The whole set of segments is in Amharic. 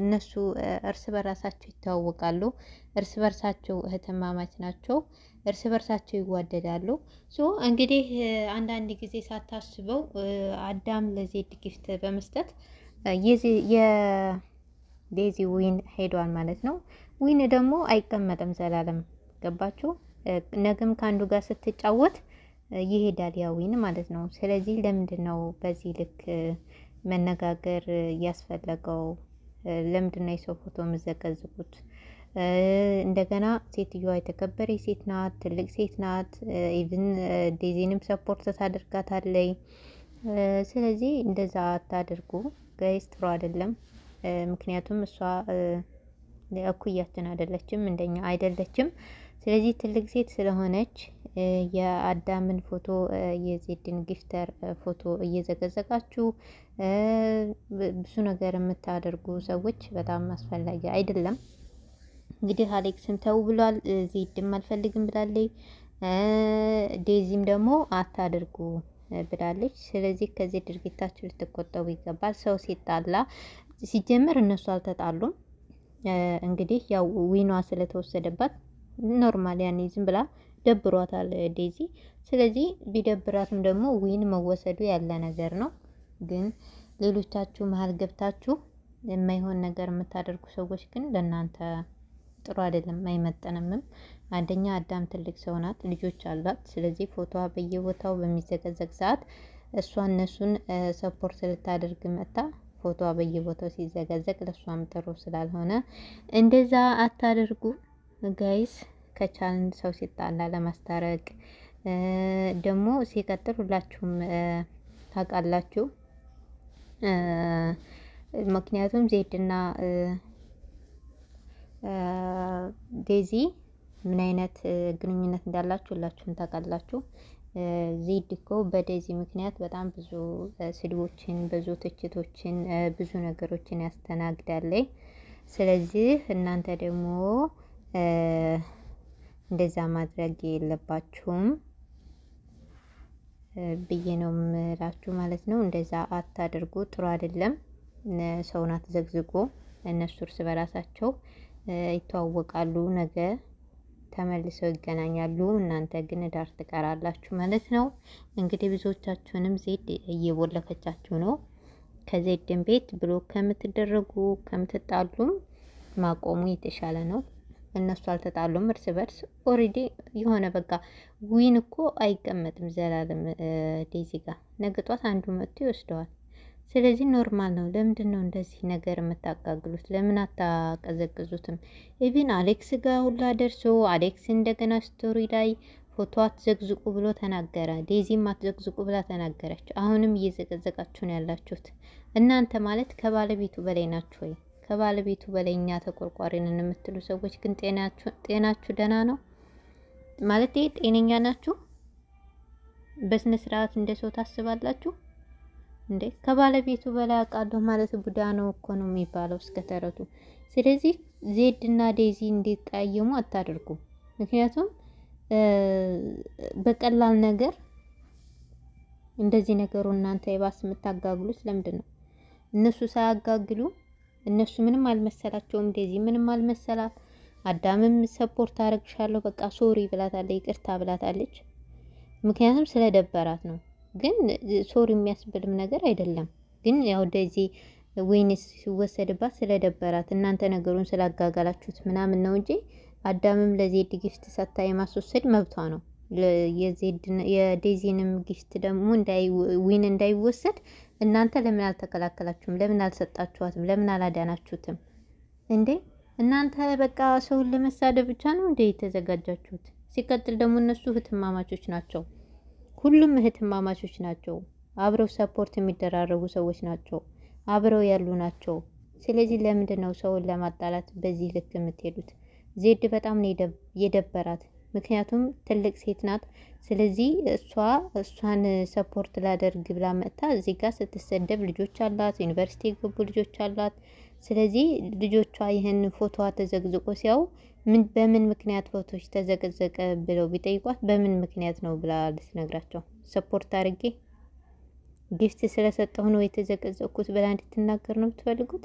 እነሱ እርስ በራሳቸው ይተዋወቃሉ። እርስ በርሳቸው እህትማማች ናቸው። እርስ በርሳቸው ይዋደዳሉ። ሶ እንግዲህ አንዳንድ ጊዜ ሳታስበው አዳም ለዜድ ጊፍት በመስጠት የዴዚ ዊን ሄዷል ማለት ነው። ዊን ደግሞ አይቀመጥም ዘላለም ገባችሁ። ነገም ከአንዱ ጋር ስትጫወት ይሄዳል ያ ዊን ማለት ነው። ስለዚህ ለምንድን ነው በዚህ ልክ መነጋገር ያስፈለገው? ለምንድነው የሰው ፎቶ የምዘቀዝቁት? እንደገና ሴትዮዋ የተከበረ ሴት ናት፣ ትልቅ ሴት ናት። ኢቭን ዴዚንም ሰፖርት ታደርጋታለይ። ስለዚህ እንደዛ አታድርጉ ጋይስ፣ ጥሩ አይደለም። ምክንያቱም እሷ እኩያችን አይደለችም፣ እንደኛ አይደለችም። ስለዚህ ትልቅ ሴት ስለሆነች የአዳምን ፎቶ የዜድን ግፍተር ፎቶ እየዘገዘጋችሁ ብዙ ነገር የምታደርጉ ሰዎች በጣም አስፈላጊ አይደለም። እንግዲህ አሌክስም ተው ብሏል። ዜድም አልፈልግም ብላለች። ዴዚም ደግሞ አታድርጉ ብላለች። ስለዚህ ከዚህ ድርጊታችሁ ልትቆጠቡ ይገባል። ሰው ሲጣላ ሲጀምር እነሱ አልተጣሉም። እንግዲህ ያው ዊኗ ስለተወሰደባት ኖርማል ያኔ ዝም ብላ ደብሯታል ዴዚ። ስለዚህ ቢደብራትም ደግሞ ዊን መወሰዱ ያለ ነገር ነው። ግን ሌሎቻችሁ መሀል ገብታችሁ የማይሆን ነገር የምታደርጉ ሰዎች ግን ለእናንተ ጥሩ አይደለም፣ አይመጠንምም። አንደኛ አዳም ትልቅ ሰው ናት፣ ልጆች አሏት። ስለዚህ ፎቶዋ በየቦታው በሚዘቀዘቅ ሰዓት እሷ እነሱን ሰፖርት ልታደርግ መታ ፎቶ በየቦታው ሲዘገዘቅ ለእሷም ጥሩ ስላልሆነ እንደዛ አታደርጉ ጋይስ። ከቻልን ሰው ሲጣላ ለማስታረቅ ደግሞ ሲቀጥል ሁላችሁም ታውቃላችሁ። ምክንያቱም ዜድና ዴዚ ምን አይነት ግንኙነት እንዳላችሁ ሁላችሁም ታውቃላችሁ። ዜድ እኮ በዴዚ ምክንያት በጣም ብዙ ስድቦችን፣ ብዙ ትችቶችን፣ ብዙ ነገሮችን ያስተናግዳለኝ። ስለዚህ እናንተ ደግሞ እንደዛ ማድረግ የለባችሁም ብዬ ነው ምላችሁ ማለት ነው። እንደዛ አታድርጉ፣ ጥሩ አይደለም። ሰውን አትዘግዝጎ እነሱ እርስ በራሳቸው ይተዋወቃሉ፣ ነገ ተመልሰው ይገናኛሉ። እናንተ ግን ዳር ትቀራላችሁ ማለት ነው። እንግዲህ ብዙዎቻችሁንም ዜድ እየቦለፈቻችሁ ነው። ከዜድን ቤት ብሎ ከምትደረጉ ከምትጣሉም ማቆሙ የተሻለ ነው። እነሱ አልተጣሉም እርስ በርስ ኦሬዲ የሆነ በቃ ዊን እኮ አይቀመጥም። ዘላለም ዴዚ ጋ ነገ ጧት አንዱ መጥቶ ይወስደዋል። ስለዚህ ኖርማል ነው። ለምንድን ነው እንደዚህ ነገር የምታቃግሉት? ለምን አታቀዘቅዙትም? ኢቪን አሌክስ ጋር ሁላ ደርሶ አሌክስ እንደገና ስቶሪ ላይ ፎቶ አትዘግዝቁ ብሎ ተናገረ። ዴዚም አትዘግዝቁ ብላ ተናገረች። አሁንም እየዘቀዘቃችሁ ነው ያላችሁት። እናንተ ማለት ከባለቤቱ በላይ ናችሁ ወይ? ከባለቤቱ በላይ እኛ ተቆርቋሪንን የምትሉ ሰዎች ግን ጤናችሁ ደህና ነው ማለት ጤነኛ ናችሁ? በስነ ስርዓት እንደ ሰው ታስባላችሁ እንዴ? ከባለቤቱ በላይ አውቃለሁ ማለት ቡዳ ነው እኮ ነው የሚባለው እስከ ተረቱ። ስለዚህ ዜድ እና ዴዚ እንዲቀያየሙ አታደርጉ። ምክንያቱም በቀላል ነገር እንደዚህ ነገሩ እናንተ የባስ የምታጋግሉት ለምንድን ነው? እነሱ ሳያጋግሉ እነሱ ምንም አልመሰላቸውም። እንደዚህ ምንም አልመሰላት። አዳምም ሰፖርት አረግሻለሁ በቃ ሶሪ ብላታለች፣ ይቅርታ ብላታለች። ምክንያቱም ስለደበራት ነው። ግን ሶሪ የሚያስብልም ነገር አይደለም። ግን ያው እንደዚህ ወይንስ ሲወሰድባት ስለደበራት እናንተ ነገሩን ስላጋጋላችሁት ምናምን ነው እንጂ አዳምም ለዜድ ጊፍት ሰታ የማስወሰድ መብቷ ነው። የዴዚንም ጊፍት ደግሞ ዊን እንዳይወሰድ እናንተ ለምን አልተከላከላችሁም? ለምን አልሰጣችኋትም? ለምን አላዳናችሁትም? እንዴ እናንተ በቃ ሰውን ለመሳደብ ብቻ ነው እንዴ የተዘጋጃችሁት? ሲቀጥል ደግሞ እነሱ እህትማማቾች ናቸው። ሁሉም እህትማማቾች ናቸው። አብረው ሰፖርት የሚደራረጉ ሰዎች ናቸው። አብረው ያሉ ናቸው። ስለዚህ ለምንድን ነው ሰውን ለማጣላት በዚህ ልክ የምትሄዱት? ዜድ በጣም ነው የደበራት። ምክንያቱም ትልቅ ሴት ናት። ስለዚህ እሷ እሷን ሰፖርት ላደርግ ብላ መጥታ እዚህ ጋር ስትሰደብ ልጆች አላት፣ ዩኒቨርሲቲ የገቡ ልጆች አላት። ስለዚህ ልጆቿ ይህን ፎቶዋ ተዘግዝቆ ሲያው በምን ምክንያት ፎቶች ተዘቀዘቀ ብለው ቢጠይቋት በምን ምክንያት ነው ብላ ልትነግራቸው ሰፖርት አድርጌ ጊፍት ስለሰጠሁ ነው የተዘቀዘቅኩት ብላ እንድትናገር ነው የምትፈልጉት?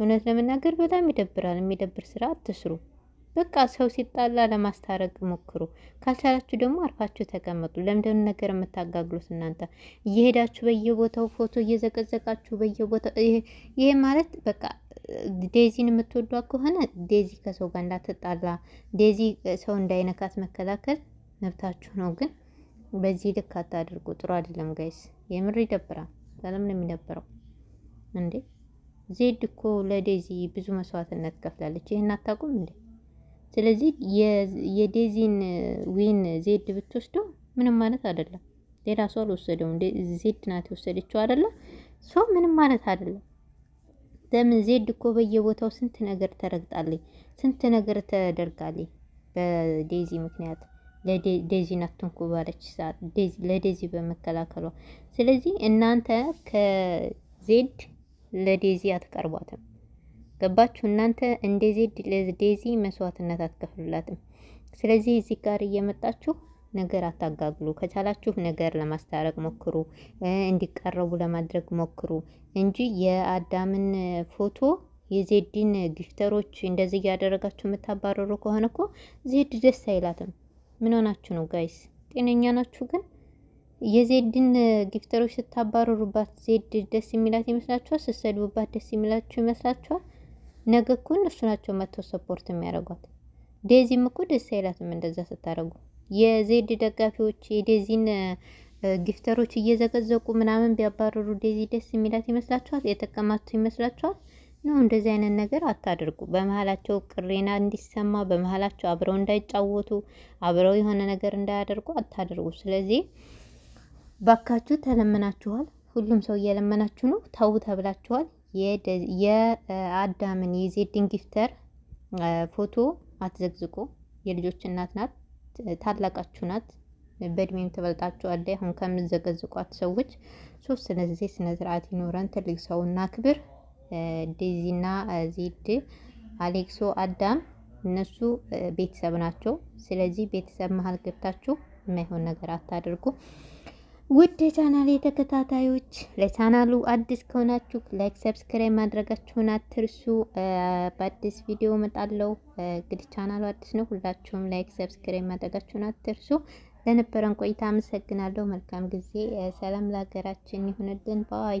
እውነት ለመናገር በጣም ይደብራል። የሚደብር ስራ አትስሩ። በቃ ሰው ሲጣላ ለማስታረቅ ሞክሩ። ካልቻላችሁ ደግሞ አርፋችሁ ተቀመጡ። ለምደን ነገር የምታጋግሉት እናንተ እየሄዳችሁ በየቦታው ፎቶ እየዘቀዘቃችሁ በየቦታው ይሄ ማለት በቃ ዴዚን የምትወዷት ከሆነ ዴዚ ከሰው ጋር እንዳትጣላ፣ ዴዚ ሰው እንዳይነካት መከላከል መብታችሁ ነው። ግን በዚህ ልክ አታድርጉ። ጥሩ አይደለም ጋይስ፣ የምር ይደብራል። ለምን ነው የሚደብረው እንዴ? ዜድ እኮ ለዴዚ ብዙ መስዋዕትነት ከፍላለች። ይህን አታውቁም እንዴ? ስለዚህ የዴዚን ዊን ዜድ ብትወስደው ምንም ማለት አይደለም። ሌላ ሰው አልወሰደው ዜድ ናት የወሰደችው አይደለም። ሰው ምንም ማለት አይደለም። ለምን ዜድ እኮ በየቦታው ስንት ነገር ተረግጣለች፣ ስንት ነገር ተደርጋለች በዴዚ ምክንያት ለዴዚ ናት ትንኩባለች ሰዓት ለዴዚ በመከላከሏ። ስለዚህ እናንተ ከዜድ ለዴዚ አትቀርቧትም። ገባችሁ? እናንተ እንደዚህ ለዴዚ መስዋዕትነት አትከፍሉላትም። ስለዚህ እዚህ ጋር እየመጣችሁ ነገር አታጋግሉ። ከቻላችሁ ነገር ለማስታረቅ ሞክሩ፣ እንዲቀረቡ ለማድረግ ሞክሩ እንጂ የአዳምን ፎቶ የዜድን ግፍተሮች እንደዚህ እያደረጋችሁ የምታባረሩ ከሆነ እኮ ዜድ ደስ አይላትም። ምን ሆናችሁ ነው ጋይስ? ጤነኛ ናችሁ? ግን የዜድን ግፍተሮች ስታባረሩባት ዜድ ደስ የሚላት ይመስላችኋል? ስትሰድቡባት ደስ የሚላችሁ ይመስላችኋል? ነገ እኮ እነሱ ናቸው መጥተው ሰፖርት የሚያደርጓት። ዴዚም እኮ ደስ አይላትም እንደዛ ስታደርጉ። የዜድ ደጋፊዎች የዴዚን ጊፍተሮች እየዘገዘቁ ምናምን ቢያባረሩ ዴዚ ደስ የሚላት ይመስላችኋል? የተቀማቱ ይመስላችኋል? ነው እንደዚህ አይነት ነገር አታድርጉ። በመሀላቸው ቅሬና እንዲሰማ በመሀላቸው አብረው እንዳይጫወቱ አብረው የሆነ ነገር እንዳያደርጉ አታድርጉ። ስለዚህ ባካችሁ ተለምናችኋል። ሁሉም ሰው እየለመናችሁ ነው። ተው ተብላችኋል። የአዳምን የዜድን ጊፍተር ፎቶ አትዘግዝቁ። የልጆች እናት ናት፣ ታላቃችሁ ናት፣ በእድሜም ትበልጣችኋለች። አሁን ከምዘገዝቋት ሰዎች ሶስት ዜ ስነ ስርዓት ይኖረን፣ ትልቅ ሰው ክብር ዴዚና ዜድ አሌክሶ አዳም እነሱ ቤተሰብ ናቸው። ስለዚህ ቤተሰብ መሀል ገብታችሁ የማይሆን ነገር አታድርጉ። ውድ የቻናል ተከታታዮች ለቻናሉ አዲስ ከሆናችሁ ላይክ፣ ሰብስክራይብ ማድረጋችሁን አትርሱ። በአዲስ ቪዲዮ መጣለው። እንግዲህ ቻናሉ አዲስ ነው። ሁላችሁም ላይክ፣ ሰብስክራይብ ማድረጋችሁን አትርሱ። ለነበረን ቆይታ አመሰግናለሁ። መልካም ጊዜ። ሰላም ለሀገራችን ይሁንልን ባይ